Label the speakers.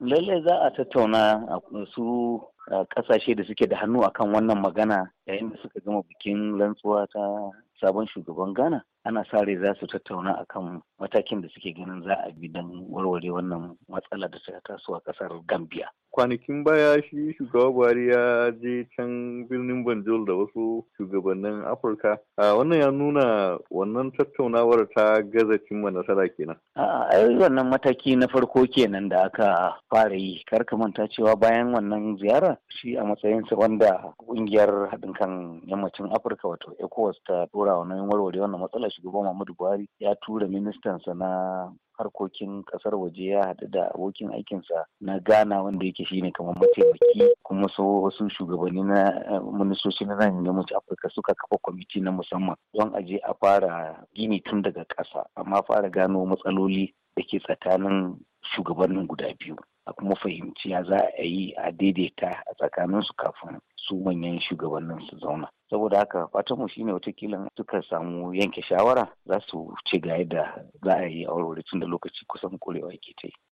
Speaker 1: Lallai za a tattauna su kasashe da suke da hannu akan wannan magana yayin da suka gama bikin lantsuwa ta sabon shugaban Ghana. Ana sa rai za su tattauna akan matakin da suke ganin za a bi don warware wannan matsala da ta taso a kasar Gambia.
Speaker 2: kwanakin baya shi shugaba buhari ya je can birnin banjul da wasu shugabannin afirka
Speaker 3: wannan ya nuna wannan
Speaker 2: tattaunawar
Speaker 3: ta gaza cimma nasara kenan
Speaker 1: a wannan mataki na farko kenan da aka fara yi kar ka manta cewa bayan wannan ziyara shi a matsayinsa wanda kungiyar haɗin kan yammacin afirka wato ecowas ta dora wa warware wannan matsala shugaba muhammadu buhari ya tura ministansa na harkokin kasar waje ya haɗu da abokin aikinsa na ghana wanda yake shine kamar mataimaki kuma su wasu shugabanni na eh, ministoci na nan yammacin afirka suka kafa kwamiti na musamman don aje a fara gini tun daga ƙasa amma fara gano matsaloli da ke tsakanin shugabannin guda biyu a kuma fahimci ya za a yi a daidaita a tsakaninsu kafin su manyan shugabannin su zauna saboda haka fatan mu shine watakila suka samu yanke shawara za su ce ga yadda za a yi aure tun da lokaci kusan kurewa ke ta yi